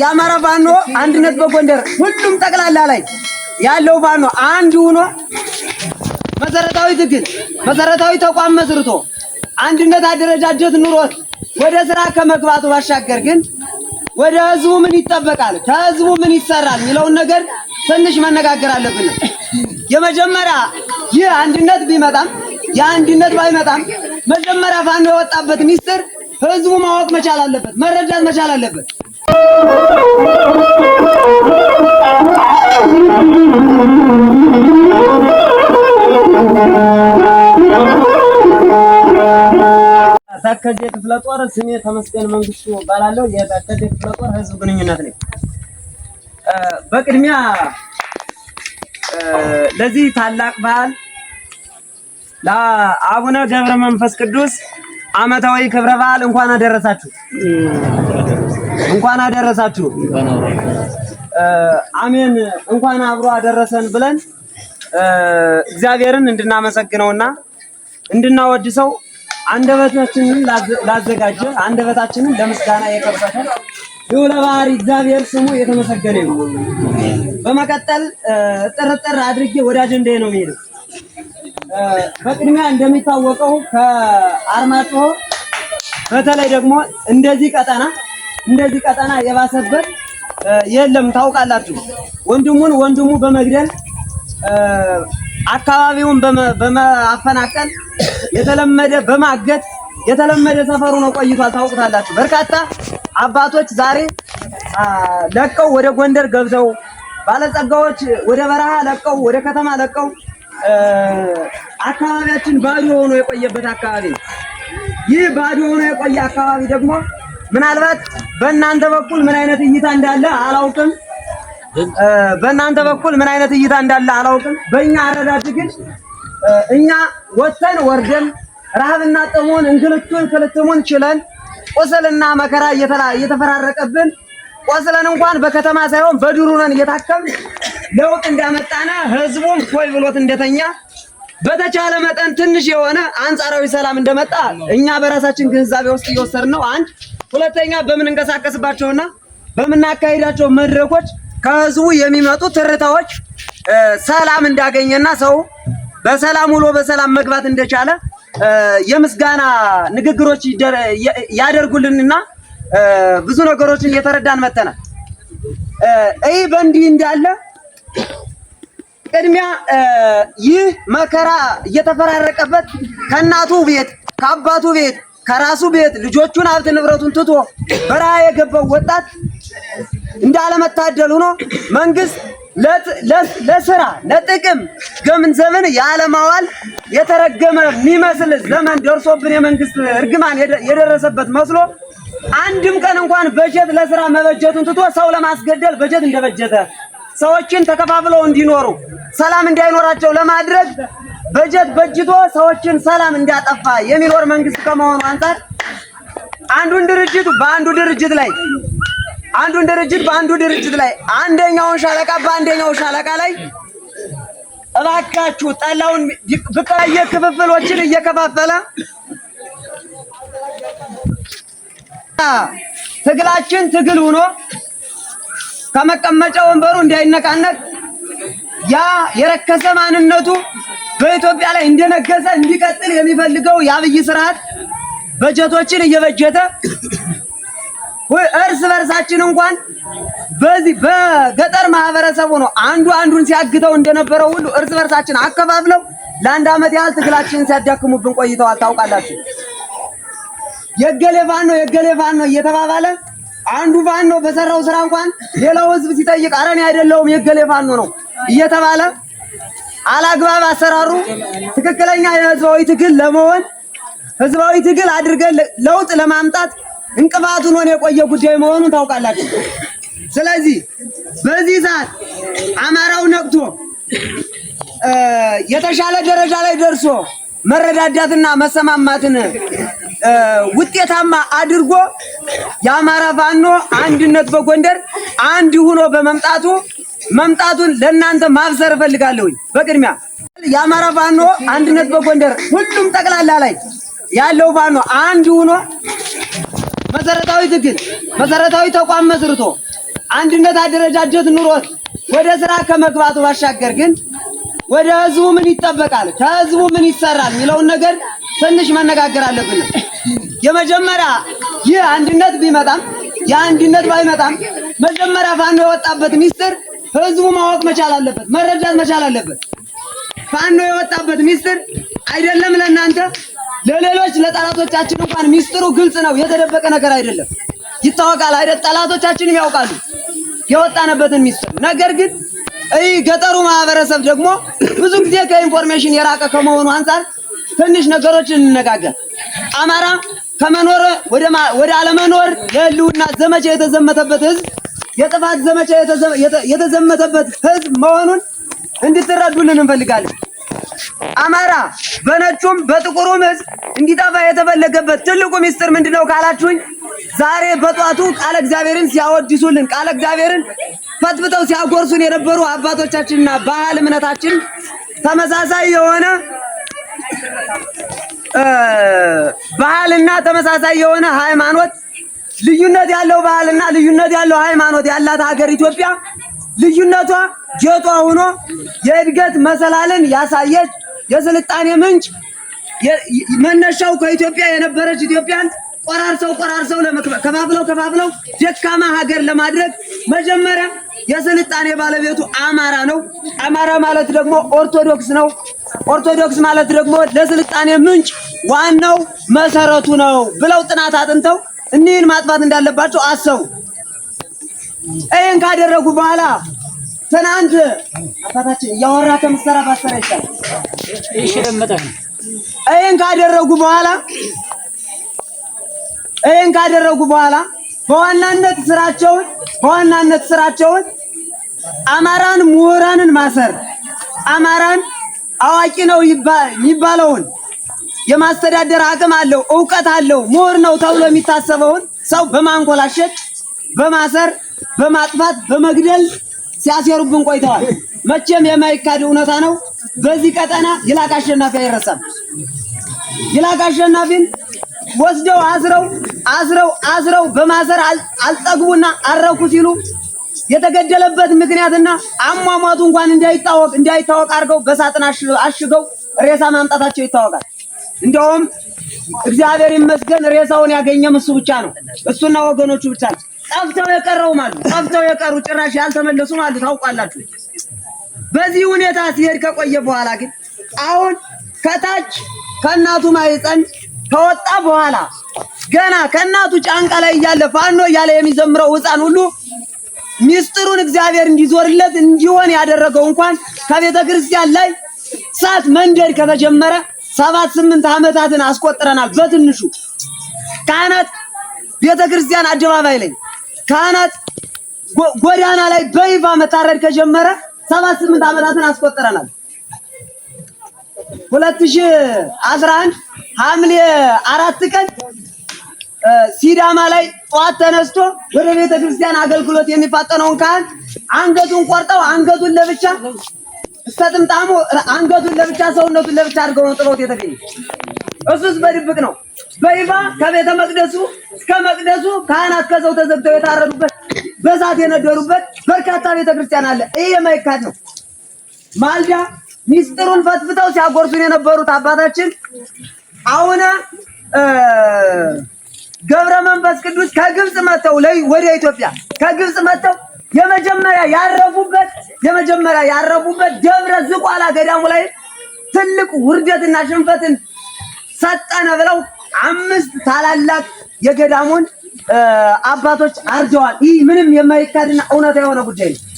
የአማራ ፋኖ አንድነት በጎንደር ሁሉም ጠቅላላ ላይ ያለው ፋኖ አንድ ሆኖ መሰረታዊ ትግል መሰረታዊ ተቋም መስርቶ አንድነት አደረጃጀት ኑሮት ወደ ስራ ከመግባቱ ባሻገር ግን ወደ ህዝቡ ምን ይጠበቃል፣ ከህዝቡ ምን ይሰራል የሚለውን ነገር ትንሽ መነጋገር አለብን። የመጀመሪያ ይህ አንድነት ቢመጣም የአንድነት ባይመጣም መጀመሪያ ፋኖ የወጣበት ሚስጥር ህዝቡ ማወቅ መቻል አለበት፣ መረዳት መቻል አለበት። ተከዜ ክፍለ ጦር ስሜ ተመስገን መንግስቱ እባላለሁ። የተከዜ ክፍለ ጦር ህዝብ ግንኙነት ነኝ። በቅድሚያ ለዚህ ታላቅ በዓል ለአቡነ ገብረ መንፈስ ቅዱስ ዓመታዊ ክብረ በዓል እንኳን አደረሳችሁ። እንኳን አደረሳችሁ። አሜን። እንኳን አብሮ አደረሰን ብለን እግዚአብሔርን እንድናመሰግነውና እንድናወድሰው አንደበታችንን ላዘጋጀ አንደበታችንን ለምስጋና የከፈተ ልዑለ ባሕርይ እግዚአብሔር ስሙ የተመሰገነ ነው። በመቀጠል ጥርጥር አድርጌ ወደ አጀንዳዬ ነው የሚሄደው። በቅድሚያ እንደሚታወቀው ከአርማጭሆ በተለይ ደግሞ እንደዚህ ቀጠና እንደዚህ ቀጠና የባሰበት የለም ታውቃላችሁ። ወንድሙን ወንድሙ በመግደል አካባቢውን በማፈናቀል የተለመደ በማገት የተለመደ ሰፈሩ ነው ቆይቷል። ታውቁታላችሁ። በርካታ አባቶች ዛሬ ለቀው ወደ ጎንደር ገብተው፣ ባለጸጋዎች ወደ በረሃ ለቀው ወደ ከተማ ለቀው አካባቢያችን ባዶ ሆኖ የቆየበት አካባቢ ይህ ባዶ ሆኖ የቆየ አካባቢ ደግሞ ምናልባት በእናንተ በኩል ምን አይነት እይታ እንዳለ አላውቅም። በእናንተ በኩል ምን አይነት እይታ እንዳለ አላውቅም። በእኛ አረዳድ ግን እኛ ወተን ወርደን ረሃብና ጥሙን እንግልቱን ክልትሙን ችለን ቁስልና መከራ እየተፈራረቀብን ቆስለን እንኳን በከተማ ሳይሆን በድሩ ነን እየታከም ለውጥ እንዳመጣና ህዝቡም ኮይ ብሎት እንደተኛ በተቻለ መጠን ትንሽ የሆነ አንጻራዊ ሰላም እንደመጣ እኛ በራሳችን ግንዛቤ ውስጥ እየወሰድን ነው። አንድ ሁለተኛ በምንንቀሳቀስባቸውና በምናካሄዳቸው መድረኮች ከህዝቡ የሚመጡ ትርታዎች ሰላም እንዳገኘና ሰው በሰላም ውሎ በሰላም መግባት እንደቻለ የምስጋና ንግግሮች ያደርጉልንና ብዙ ነገሮችን እየተረዳን መተናል። ይህ በእንዲህ እንዳለ ቅድሚያ ይህ መከራ እየተፈራረቀበት ከእናቱ ቤት ከአባቱ ቤት ከራሱ ቤት ልጆቹን ሀብት ንብረቱን ትቶ በረሃ የገባው ወጣት እንዳለመታደል ሆኖ መንግስት ለስራ ለጥቅም ገንዘብን ያለማዋል የተረገመ የሚመስል ዘመን ደርሶብን የመንግስት እርግማን የደረሰበት መስሎ አንድም ቀን እንኳን በጀት ለስራ መበጀቱን ትቶ ሰው ለማስገደል በጀት እንደበጀተ ሰዎችን ተከፋፍለው እንዲኖሩ ሰላም እንዳይኖራቸው ለማድረግ በጀት በጅቶ ሰዎችን ሰላም እንዲያጠፋ የሚኖር መንግስት ከመሆኑ አንፃር አንዱን ድርጅት በአንዱ ድርጅት ላይ አንዱን ድርጅት በአንዱ ድርጅት ላይ አንደኛውን ሻለቃ በአንደኛው ሻለቃ ላይ እባካችሁ ጠላውን ብቃየ ክፍፍሎችን እየከፋፈለ ትግላችን ትግል ሆኖ ከመቀመጫ ወንበሩ እንዳይነቃነቅ ያ የረከሰ ማንነቱ በኢትዮጵያ ላይ እንደነገሰ እንዲቀጥል የሚፈልገው የአብይ ስርዓት በጀቶችን እየበጀተ እርስ በርሳችን እንኳን በዚህ በገጠር ማህበረሰቡ ነው አንዱ አንዱን ሲያግተው እንደነበረው ሁሉ እርስ በርሳችን አከፋፍለው ለአንድ ዓመት ያህል ትግላችንን ሲያዳክሙብን ቆይተዋል። ታውቃላችሁ የገሌ ፋኖ የገሌ ፋኖ እየተባባለ አንዱ ፋኖ በሰራው ስራ እንኳን ሌላው ህዝብ ሲጠይቅ አረ እኔ አይደለሁም የገሌ ፋኖ ነው እየተባለ አላግባብ አሰራሩ ትክክለኛ የህዝባዊ ትግል ለመሆን ህዝባዊ ትግል አድርገን ለውጥ ለማምጣት እንቅፋቱን ሆነ የቆየ ጉዳይ መሆኑን ታውቃላችሁ። ስለዚህ በዚህ ሰዓት አማራው ነቅቶ የተሻለ ደረጃ ላይ ደርሶ መረዳዳትና መሰማማትን ውጤታማ አድርጎ የአማራ ፋኖ አንድነት በጎንደር አንድ ሆኖ በመምጣቱ መምጣቱን ለእናንተ ማብሰር እፈልጋለሁኝ። በቅድሚያ የአማራ ፋኖ አንድነት በጎንደር ሁሉም ጠቅላላ ላይ ያለው ፋኖ አንድ ሆኖ መሰረታዊ ትግል መሰረታዊ ተቋም መስርቶ አንድነት አደረጃጀት ኑሮት ወደ ስራ ከመግባቱ ባሻገር ግን ወደ ህዝቡ ምን ይጠበቃል፣ ከህዝቡ ምን ይሰራል የሚለውን ነገር ትንሽ መነጋገር አለብን። የመጀመሪያ ይህ አንድነት ቢመጣም የአንድነት ባይመጣም መጀመሪያ ፋኖ የወጣበት ሚስጥር ህዝቡ ማወቅ መቻል አለበት፣ መረዳት መቻል አለበት። ፋኖ የወጣበት ሚስጥር አይደለም ለእናንተ ለሌሎች ለጠላቶቻችን እንኳን ሚስጥሩ ግልጽ ነው፣ የተደበቀ ነገር አይደለም፣ ይታወቃል አይደል? ጠላቶቻችንም ያውቃሉ የወጣንበትን ሚስጥር። ነገር ግን ይህ ገጠሩ ማህበረሰብ ደግሞ ብዙ ጊዜ ከኢንፎርሜሽን የራቀ ከመሆኑ አንፃር ትንሽ ነገሮችን እንነጋገር አማራ ከመኖር ወደ አለመኖር የህልውና ዘመቻ የተዘመተበት ህዝብ የጥፋት ዘመቻ የተዘመተበት ህዝብ መሆኑን እንድትረዱልን እንፈልጋለን። አማራ በነጩም በጥቁሩም ህዝብ እንዲጠፋ የተፈለገበት ትልቁ ሚስጥር ምንድነው ካላችሁኝ፣ ዛሬ በጧቱ ቃለ እግዚአብሔርን ሲያወድሱልን፣ ቃለ እግዚአብሔርን ፈትፍተው ሲያጎርሱን የነበሩ አባቶቻችንና ባህል እምነታችን ተመሳሳይ የሆነ ባህልና ተመሳሳይ የሆነ ሃይማኖት ልዩነት ያለው ባህልና ልዩነት ያለው ሃይማኖት ያላት ሀገር ኢትዮጵያ ልዩነቷ ጌጧ ሆኖ የእድገት መሰላልን ያሳየች የስልጣኔ ምንጭ መነሻው ከኢትዮጵያ የነበረች ኢትዮጵያን ቆራርሰው ቆራርሰው ከፋፍለው ከፋፍለው ደካማ ሀገር ለማድረግ መጀመሪያ የስልጣኔ ባለቤቱ አማራ ነው። አማራ ማለት ደግሞ ኦርቶዶክስ ነው። ኦርቶዶክስ ማለት ደግሞ ለስልጣኔ ምንጭ ዋናው መሰረቱ ነው ብለው ጥናት አጥንተው እኒህን ማጥፋት እንዳለባቸው አሰቡ። ይህን ካደረጉ በኋላ ትናንት አባታችን እያወራ ከምትሰራ ባሰራ ይሻላል። ካደረጉ በኋላ ይህን ካደረጉ በኋላ በዋናነት ስራቸውን በዋናነት ስራቸውን አማራን ምሁራንን ማሰር አማራን አዋቂ ነው የሚባለውን የማስተዳደር አቅም አለው እውቀት አለው ምሁር ነው ተብሎ የሚታሰበውን ሰው በማንኮላሸት በማሰር በማጥፋት በመግደል ሲያሴሩብን ቆይተዋል። መቼም የማይካድ እውነታ ነው። በዚህ ቀጠና ይላቅ አሸናፊ አይረሳም። ይላቅ አሸናፊን ወስደው አስረው አዝረው አዝረው በማሰር አልጠግቡና አረኩ ሲሉ የተገደለበት ምክንያትና አሟሟቱ እንኳን እንዳይታወቅ እንዳይታወቅ አድርገው በሳጥን አሽገው ሬሳ ማምጣታቸው ይታወቃል። እንደውም እግዚአብሔር ይመስገን ሬሳውን ያገኘም እሱ ብቻ ነው፣ እሱና ወገኖቹ ብቻ ነው። ጠፍተው የቀረው ማለት ጠፍተው የቀሩ ጭራሽ ያልተመለሱ ማለት ታውቃላችሁ። በዚህ ሁኔታ ሲሄድ ከቆየ በኋላ ግን አሁን ከታች ከእናቱ ማይፀን ከወጣ በኋላ ገና ከእናቱ ጫንቃ ላይ እያለ ፋኖ እያለ የሚዘምረው ህፃን ሁሉ ሚስጥሩን እግዚአብሔር እንዲዞርለት እንዲሆን ያደረገው እንኳን ከቤተ ክርስቲያን ላይ እሳት መንደድ ከተጀመረ ሰባት ስምንት ዓመታትን አስቆጥረናል። በትንሹ ካህናት ቤተ ክርስቲያን አደባባይ ላይ ካህናት ጎዳና ላይ በይፋ መታረድ ከጀመረ ሰባት ስምንት ዓመታትን አስቆጥረናል። 2011 ሐምሌ አራት ቀን ሲዳማ ላይ ጠዋት ተነስቶ ወደ ቤተ ክርስቲያን አገልግሎት የሚፋጠነውን ካህን አንገቱን ቆርጠው አንገቱን ለብቻ እስከ አንገቱን ለብቻ ሰውነቱን ለብቻ አድርገው ነው ጥሎት የተገኘ። እሱስ በድብቅ ነው። በይፋ ከቤተ መቅደሱ እስከ መቅደሱ ካህናት ከሰው ተዘግተው የታረዱበት በእሳት የነደሩበት በርካታ ቤተ ክርስቲያን አለ። ይህ የማይካድ ነው። ማልዳ ሚስጥሩን ፈትፍተው ሲያጎርሱን የነበሩት አባታችን አሁነ ገብረ መንፈስ ቅዱስ ከግብፅ መጥተው ላይ ወደ ኢትዮጵያ ከግብፅ መጥተው የመጀመሪያ ያረፉበት የመጀመሪያ ያረፉበት ደብረ ዝቋላ ገዳሙ ላይ ትልቅ ውርደትና ሽንፈትን ሰጠነ ብለው አምስት ታላላቅ የገዳሙን አባቶች አርደዋል። ይህ ምንም የማይካድና እውነታ የሆነ ጉዳይ ነው።